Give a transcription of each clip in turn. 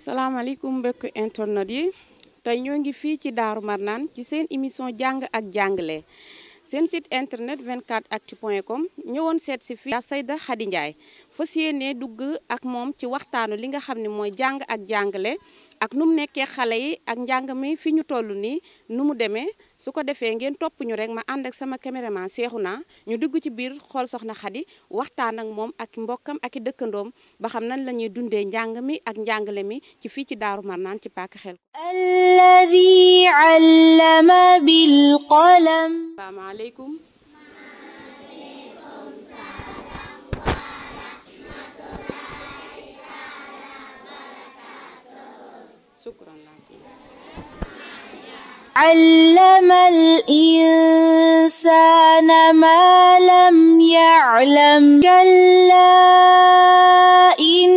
salaamaaleykum mbokki internet yi tey ñoo ngi fii ci Daaru Marnaan ci seen émission jàng ak jàngale seen site internet 24actu point com ñëwoon seet si fii Sayda Khady Ndiaye fas yéene dugg ak moom ci waxtaanu li nga xam ne mooy jàng ak jàngale ak nu mu nekkee xale yi ak njàng mi fi ñu toll nii nu mu demee su ko defee ngeen topp ñu rek ma ànd sama caméraman seexu naa ñu dugg ci biir xool soxna Xadi waxtaan ak moom ak mbokkam ak i dëkkandoom ba xam nan la ñuy dundee njàng mi ak njàngale mi ci fii ci Daaru Marnaan ci Pàkk Xel. alladi allama شكرا لك علم الإنسان ما لم يعلم كلا إن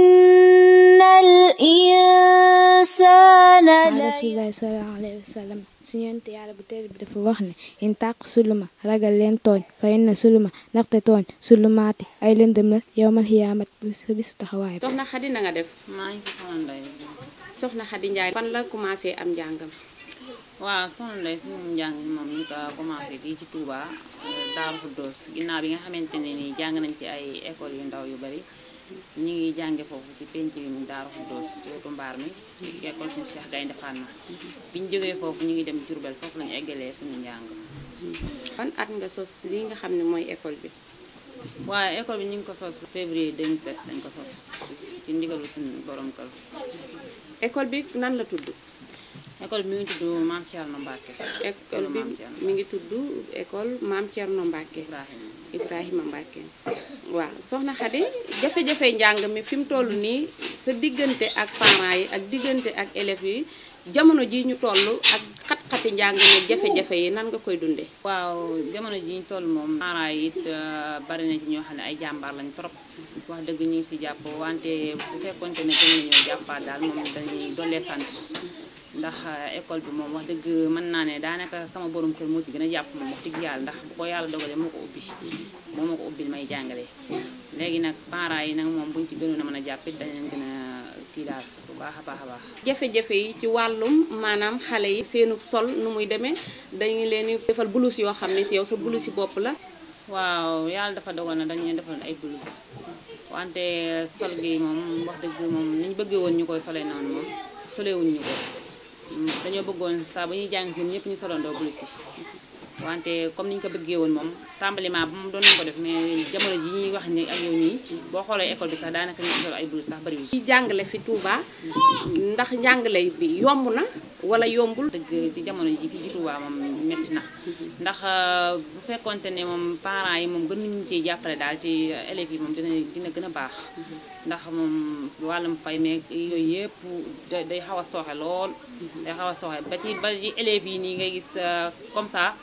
الإنسان لا rasulullahi sallallahu alayhi wa sallam suñu yonent yàlla bu tedd bi dafa wax ne in tàq suluma ragal leen tooñ fa in na suluma ndaxte tooñ sulumaati ay lëndëm la yowmal xiyaamat sa bisu taxawaay bi soxna Xadi na nga def maa ngi soxna Khady Ndiaye fan la commencé am njàngam. waaw soxna Ndeye suñu njàng moom ñu ko commencé fii ci Touba euh, Daaru Xuddoos ginnaaw bi nga xamante ne nii jàng nañ ci ay école yu ndaw yu bari ñu ngi jànge foofu ci penc bi mu Daaru Xuddoos ci wetu mbaar mi ci école suñu Cheikh Gaynde Fatma bi ñu jógee foofu ñu ngi dem Diourbel foofu lañu eggalee suñu njàng ban at nga sos li nga xam ne mooy école bi waaye ecole bi ñu ngi ko sos février 2007 lañ ko sos ci ndigalu suñu borom kër école bi nan la tudd. école bi mi ngi tudd Mame Thierno Mbacke. école mi ngi tudd école Mame Thierno Mbacke. Ibrahima Ibrahima Mbacke. soxna Khady jafe-jafe njàng mi fi mu toll nii sa diggante ak parents yi ak diggante ak élèves yi jamono ji ñu toll ak. xat-xati njàng ne jafe-jafe yi nan nga koy dundee. waaw jamono ji ñu toll moom parents yi it euh, bari na ci ñoo xam ne ay jàmbaar lañ trop wax dëgg ñu ngi si jàpp wante bu fekkonte ne gën nañoo jàppaat daal moom dañuy dollee sant ndax euh, école bi moom wax dëgg mën naa ne daanaka sama borom kër moo ci gën a jàpp moom wax dëgg yàlla ndax bu ko yàlla dogalee moo ko ubbi moo ma ko ubbil may jàngale léegi nag parents yi nag moom buñ ci gënoon a mën a jàpp dañ leen a fii daal bu baax a baax a baax. jafe-jafe yi ci wàllum maanaam xale yi seenu sol nu muy demee dañu leen di defal blouse yoo xam ne si yow sa blouse yi bopp la. waaw yàlla dafa dogal na dañu leen defal ay blouse wante sol gi moom wax dëgg moom ni bëggee woon ñu koy solee noonu moom solee ñu dañoo bëggoon saa ba ñuy jàng ñun ñëpp ñu soloon solandoo blouse yi. wante comme ni ñu ko bëggee woon moom tàmbaliment ba moom doon nañu ko def mais jamono ji ñuy wax ni ak yow nii boo xoolee école bi sax daanaka ñu sol ay blouse sax bëri ci jàngale fi Touba ndax njàngale bi yomb na wala yombul dëgg ci jamono ji fi ci Touba moom métti na ndax euh, bu fekkonte ne moom parents yi moom gën nañu ciy jàppale daal ci euh, élèves yi moom dina dina gën a baax ndax moom wàllum fay meeg yooyu yëpp day xaw a sooxe lool day xaw a sooxe ba ci ba ci élèves yi nii ngay gis euh, comme ça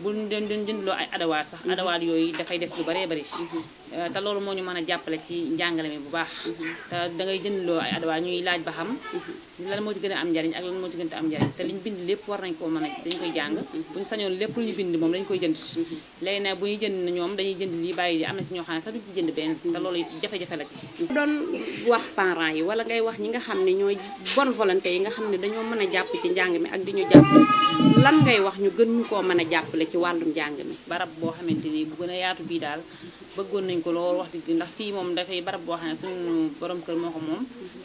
bu doon doon jëndloo ay adawaar sax adawaar yooyu dafay des lu bare bari te loolu moo ñu mën a jàppale ci njàngale mi bu baax te dangay jëndloo ay adawaar ñuy laaj ba xam lan moo ci gën a am njariñ ak lan moo ci gën a am njariñ te liñ bind lépp war nañ koo mën a dañ jàng bu ñu sañoon lépp lu ñu bind moom dañu koy jënd léegi nag bu ñuy jënd na ñoom dañuy jënd lii bàyyi am na ci ñoo xam ne sax duñ ci jënd benn te loolu jafe-jafe doon wax parents yi wala ngay wax ñi nga xam ne ñooy bonne volonté yi nga xam ne dañoo mën a jàpp ci njàng ak di ñu jàpp lan ngay wax ñu gën ñu koo mën a jàppale ci wàllum njàng mi barab boo xamante ni bu gën a yaatu bii daal bëggoon nañ ko lool wax dëgg ndax fii moom dafay barab boo xam suñu borom kër moo ko moom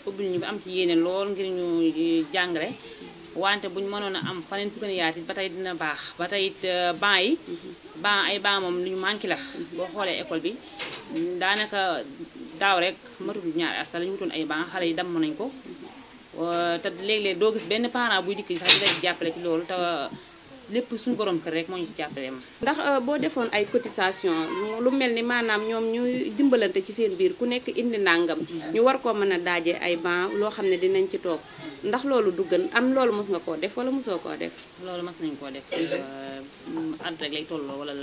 ubbil ñu bi am ci yeneen lool ngir ñu jàngale wante buñ mënoon a am faneen fu gën a yaat it ba tey dina baax ba tey it euh, ban yi mhm. ban ay ban moom lu ñu manqué la mhm. boo xoolee école bi daanaka daaw rek matul ñaar asta la ñu wutoon ay ban xale yi damm nañ ko mhm. euh, te léeg-léeg doo gis benn parent buy dikk yi sax dina jàppale ci loolu te lépp suñu borom kër rek moo ñu ci jàppale ma. ndax euh, boo defoon ay cotisation lu mel ni maanaam ñoom ñu dimbalante ci seen biir ku nekk indi nangam. ñu war koo mën a daaje ay ban loo xam ne dinañ ci toog. ndax loolu du gën am loolu mos nga koo def wala mosoo koo def. loolu mos nañ koo def mhm. euh, at rek lay tolloo wala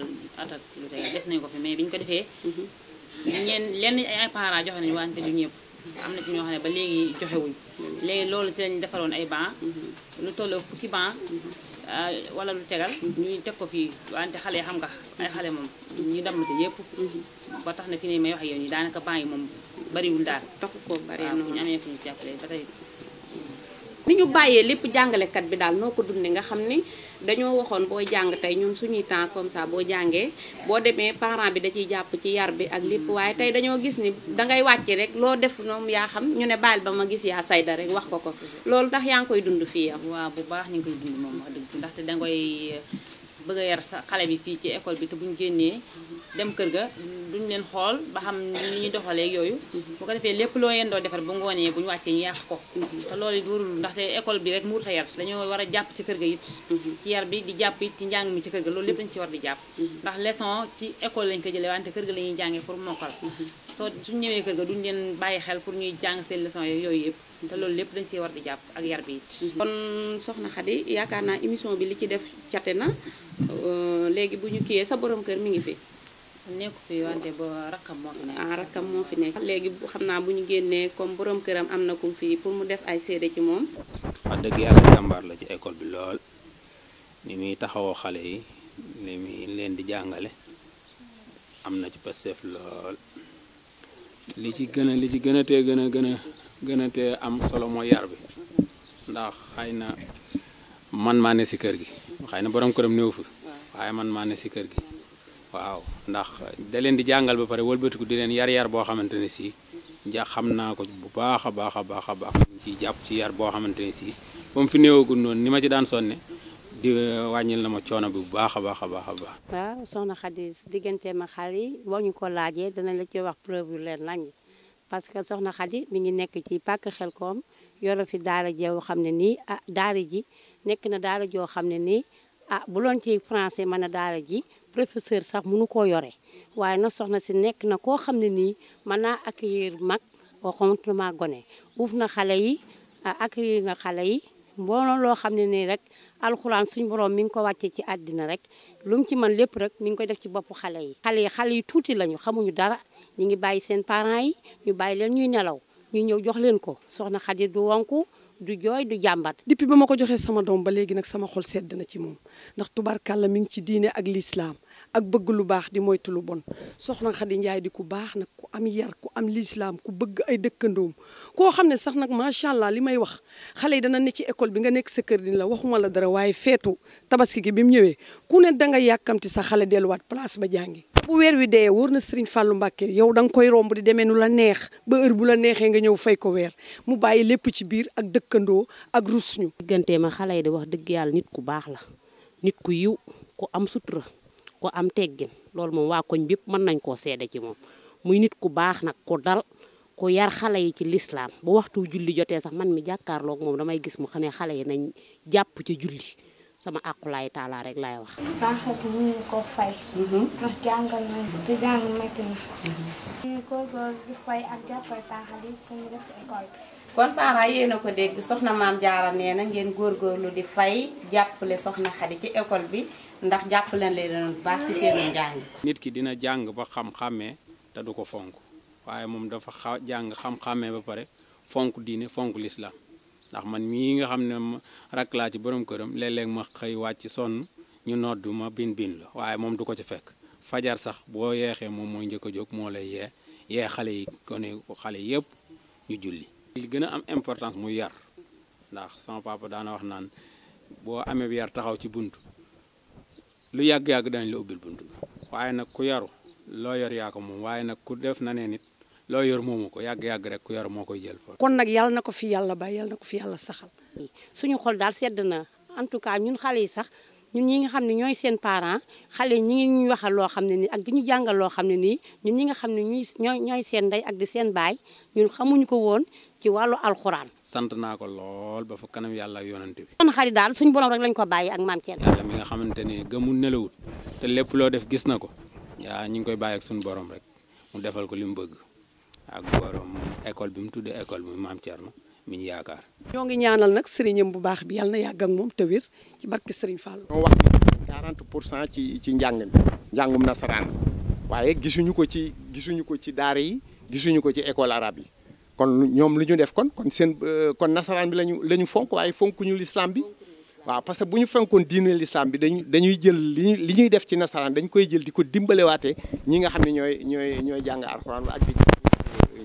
at ak lu tey def nañ ko mais bi ñu ko defee. Mhm. ñeen lenn ay parents joxe nañu wante ñëpp. am na ci ñoo xam ne ba léegi joxewuñ mhm. léegi loolu ci lañ defaroon ay banc lu tolloo fukki banc euh, wala lu tegal ñuy teg ko fii wante xale xam nga ay xale moom ñu dammate yëpp ba tax na fi ne may wax yow nii daanaka banc yi moom bariwul daal taxu ko bari noonu ñu amee fu ñu jàppale ba ni ñu bàyyee lépp jàngalekat bi daal noo ko dundee nga xam ni dañoo waxoon booy jàng tey ñun suñuy temps comme ça boo jàngee boo demee parent bi da ciy jàpp ci yar bi ak lépp waaye tey dañoo gis ni dangay wàcc rek loo def noom yaa xam ñu ne baal ba ma gis yaa sayda rek wax ko ko loolu ndax yaa ngi koy dund fii yow. waaw bu baax ñu ngi koy dund moom wax dëgg ndaxte dangay eh, bëgg a yar sa xale bi fii ci école bi te bu ñu génnee dem kër ga. duñ leen xool ba xam ni ñuy doxalee yooyu bu ko defee lépp loo yendoo defar bu ngoonee bu ñu wàccee ñu yàq ko te loolu duurul ndaxte école bi rek muurta yar dañoo war a jàpp ci kër ga it ci yar bi di jàpp it ci njàng mi ci kër ga loolu lépp lañ ci war di jàpp ndax leçon école lañ ko jëlee kër ga la jàngee pour mokkal soo suñu ñëwee kër ga duñ leen bàyyi xel pour ñuy jàng seen leçon yooyu yëpp te loolu lépp dañ ciy war di jàpp ak yar bi it kon soxna Xadi yaakaar naa émission bi li ci def cate na euh, léegi bu ñu kiyee sa boroom kër mi ngi fi nekku fi wante bo rakkam moo fi nekk ah rakkam moo fi nekk léegi xam naa bu ñu génnee comme boroom këram am na kum fii pour mu def ay seede ci moom wax dëgg yàlla jàmbaar la ci école bi lool ni muy taxawoo xale yi ni muy leen di jàngale am na ci passeef lool li ci gën a li ci gën a tee gën a gën a gën a tee am solo mooy yar bi ndax xëy na man maa ne si kër gi xëy na borom këram néew fi waaye man maa ne si kër gi waaw ndax da leen di jàngal ba pare wëlbatiku di leen yar yar boo xamante ne si ja xam naa ko bu baax a baax a baax ci jàpp ci yar boo xamante ne si ba mu fi néewagul noonu ni ma ci daan sonne di euh, wàññil na ma coono bi bu baax a baax a baax a baax. waaw soxna Khady diggante ma xale yi boo ñu ko laajee danañ la ci wax preuve yu leen lañ parce que soxna Khady mi ngi nekk ci pàkk Xelkom yoro fi daara joo xam ne nii ah daara ji nekk na daara joo xam ne nii ah bu loon ci français mën a daara ji. professeur sax mënu koo yore waaye na soxna si nekk na koo xam ne nii mën naa accueillir mag waxamtuma gone uuf na xale yi ah, accueillir na xale yi mbooloo loo xam ne nii rek alxuraan suñu borom mi ngi ko wàccee ci àddina rek lu ci man lépp rek mi ngi koy def ci boppu xale yi xale yi xale yi tuuti lañu xamuñu dara ñu ngi bàyyi seen parent yi ñu bàyyi leen ñuy nelaw ñu ñëw jox leen ko soxna Xadi du wonk du jooy du jàmbat. depuis ba ma ko joxee sama doom ba léegi nag sama xol sedd na ci moom ndax tubarkàlla mi ngi ci diine ak lislaam ak bëgg lu baax di moytu lu bon soxna Xadi Njaay di ku baax nag ku am yar ku am lislaam ku bëgg ay dëkkandoo koo xam ne sax nag macha allah li may wax xale yi dana ne ci école bi nga nekk sa kër din la waxuma la dara waaye feetu tabaski gi bi mu ñëwee ku ne danga yàkkamti sax xale delluwaat place ba jàngi. bu weer wi dee wóor na Serigne fàllu Mbacke yow da nga koy romb di demee nu la neex ba heure bu la neexee nga ñëw fay ko weer mu bàyyi lépp ci biir ak dëkkandoo ak rus ñu. ma xale yi di wax dëgg yàlla nit ku baax la nit ku yiw ku am sutura. ku am teggin loolu moom waa bépp mën nañ koo seede ci moom muy nit ku baax nag ku dal yar xale yi ci lislaam bu waxtu julli jotee sax man mi jàkkaarloog moom damay gis mu xam ne xale yi nañ jàpp ci julli sama àqulaay laay wax. Mhm. na mhm. ko mënuñu na. ñu góorgóorlu dégg soxna maam jaara nee na ngeen góorgóorlu di fay jàppale soxna xadi ci école bi. ndax jàpp leen lay doon baax ci seen njàng. nit ki dina jàng ba xam-xàmmee te du ko fonk waaye moom dafa xa jàng xam-xàmmee ba pare fonk diine fonk lislaam ndax man mii nga xam ne rakk laa ci borom këram léeg ma xëy wàcc sonn ñu noddu ma bin bin la waaye moom du ko ci fekk fajar sax boo yeexee moom mooy njëkk a jóg moo lay yee yee xale yi gone xale yëpp ñu julli. li gën a am importance mu yar ndax sama papa daana wax naan boo amee yar taxaw ci bunt. lu yàgg-yàgg dañ la ubbil bunt waaye nag ku yaru loo yor yaa ko moom waaye nag ku def na nee nit loo yor moomu ko yàgg-yàgg rek ku yaru moo koy jël fa kon nag yàlla na ko fi yàlla bàyyi yàlla na ko fi yàlla saxal suñu xol daal sedd na en tout cas ñun xale yi sax ñun ñi nga xam ne ñooy seen parents xale ñi ngi ñuy waxal loo xam ne nii ak di ñu jàngal loo xam ne nii ñun ñi nga xam ne ñuy ñooy ñooy seen ndey ak di seen baay ñun xamuñu ko woon ci wàllu alxuraan. sant naa ko lool ba fa kanam yàlla ak yonante bi. kon xarit daal suñu borom rek lañ ko bàyyi ak maam Thierno. mi nga xamante ni gëmul nelawut te lépp loo def gis na ko yaa ñu ngi koy bàyyi ak suñu borom rek mu defal ko li mu bëgg ak borom école bi mu tuddee école bi maam na mi ñu yaakaar. ñoo ngi ñaanal nag sëriñam bu baax bi yàlla na yàgg moom te ci barke Sëriñ Fall. ñoo wax 40 pour cent ci ci njàng mi njàngum nasaraan waaye gisuñu ko ci gisuñu ko ci daara yi gisuñu ko ci école arabe yi kon ñoom lu ñu def kon kon seen euh, kon nasaraan bi lañu la fonk waaye fonkuñu lislaam bi waaw parce que bu ñu fonkoon diine lislaam bi dañu dañuy jël li li ñuy def ci nasaraan dañ koy jël di ko dimbalewaatee ñi nga xam ne ñooy ñooy ñooy jàng alxuraan ak di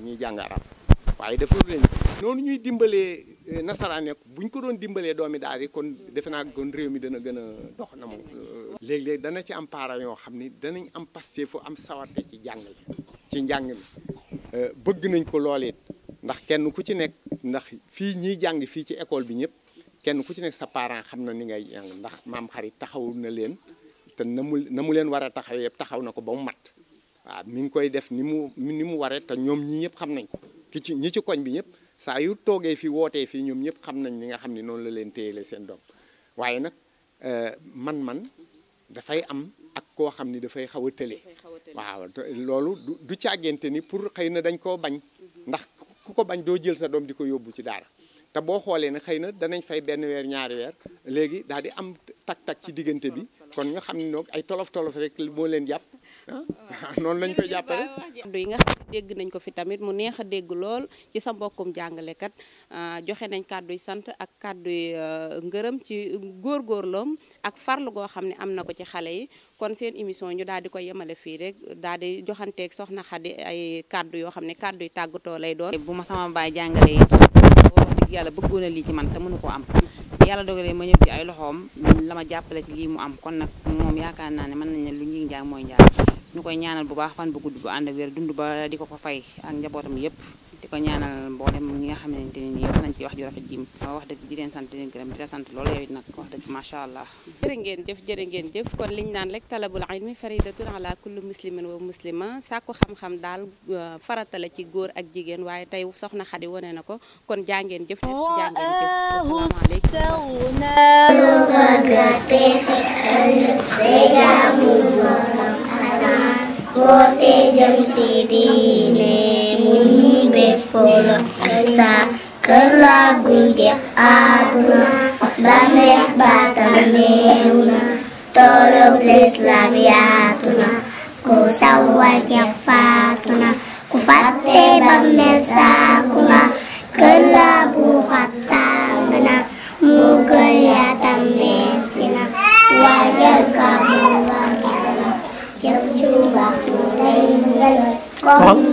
ñuy jàng arab waaye dafa defaru leen noonu ñuy dimbalee eh, nasaraan nekk bu ñu ko doon dimbalee doomi daal yi kon defe naa kon réew mi dana gën a dox na moom euh, léeg dana ci am parents yoo xam ni danañ am passé fu am sawarte ci jàngale ci njàng mi euh, bëgg nañ ko lool it ndax kenn ku ci nekk ndax fii ñiy jàng fii ci école bi ñëpp kenn ku ci nekk sa parent xam na ni ngay jàng ndax maam xarit taxawu na leen te na mu na mu leen war a taxaw yëpp taxaw na ko ba mu mat waaw mi ngi koy def ni mu ni mu waree te ñoom ñii yëpp xam nañ ko ki ci ñi ci koñ bi ñëpp saa yu toogee fi wootee fii ñoom ñëpp xam nañ li nga xam ne noonu la leen téyelee seen doom waaye nag euh, man-man dafay am ak koo xam ni dafay xaw a tële waaw loolu du càggante ni pour xëy na dañ koo bañ mhm. ndax ku ko bañ doo jël sa doom di ko yóbbu ci daara te boo xoolee ne xëy na danañ fay benn weer ñaari weer léegi daal di am tak-tak ci diggante bi kon nga xam ne noog ay tolof-tolof rek moo leen jàpp Ah, noonu lañ koy jàppale yi nga xam ne dégg nañ ko fi tamit mu neex a dégg lool ci sa mbokkum jàngalekat ah, joxe nañ kàdduy sant ak kàdduy euh, ngërëm ci góor góorloom ak farlu goo xam ne am na ko ci xale yi kon seen émission ñu daal di ko yemale fii rek daal di joxanteeg soxna Xadi ay kàddu yoo xam ne kàdduy tàggatoo lay doon bu ma sama baay jàngale it yàlla bëggoon a lii ci man te mënu koo am yàlla dogalee ma ñëw ci ay loxoom la ma jàppale ci lii mu am kon nag moom yaakaar naa ne mën nañ ne lu ñuy njaag mooy njaag ñu koy ñaanal bu baax fan bu gudd bu ànd ak wér dund ba di ko ko fay ak njabootam yépp di ko ñaanal mboolem ñi nga xamante ne nii wax nañ ci wax ju rafet ji wax dëgg di leen sant di leen gërëm di la sant loolu yow it nag wax dëgg macha allah. jërë ngeen jëf jërë ngeen jëf kon liñ naan rek talabul ilmi faridatun ala kulli muslimin wa muslima sàkku xam-xam daal euh, farata ci góor ak jigéen waaye tey soxna Xadi wane na ko kon jaa ngeen jëf. jaa ngeen jëf asalaamaaleykum. boo tee jëm si diine be polo sa kër laa guy jeex àdduna ba neex baatam néew na toolub lislaam yaatu na ku sawar ya faatu na ku fàtte ba mel saaku na kër laa bu xattaam na mu gën yaatam neex dina waajal ka mu war na jëf ju baax mu lay ngel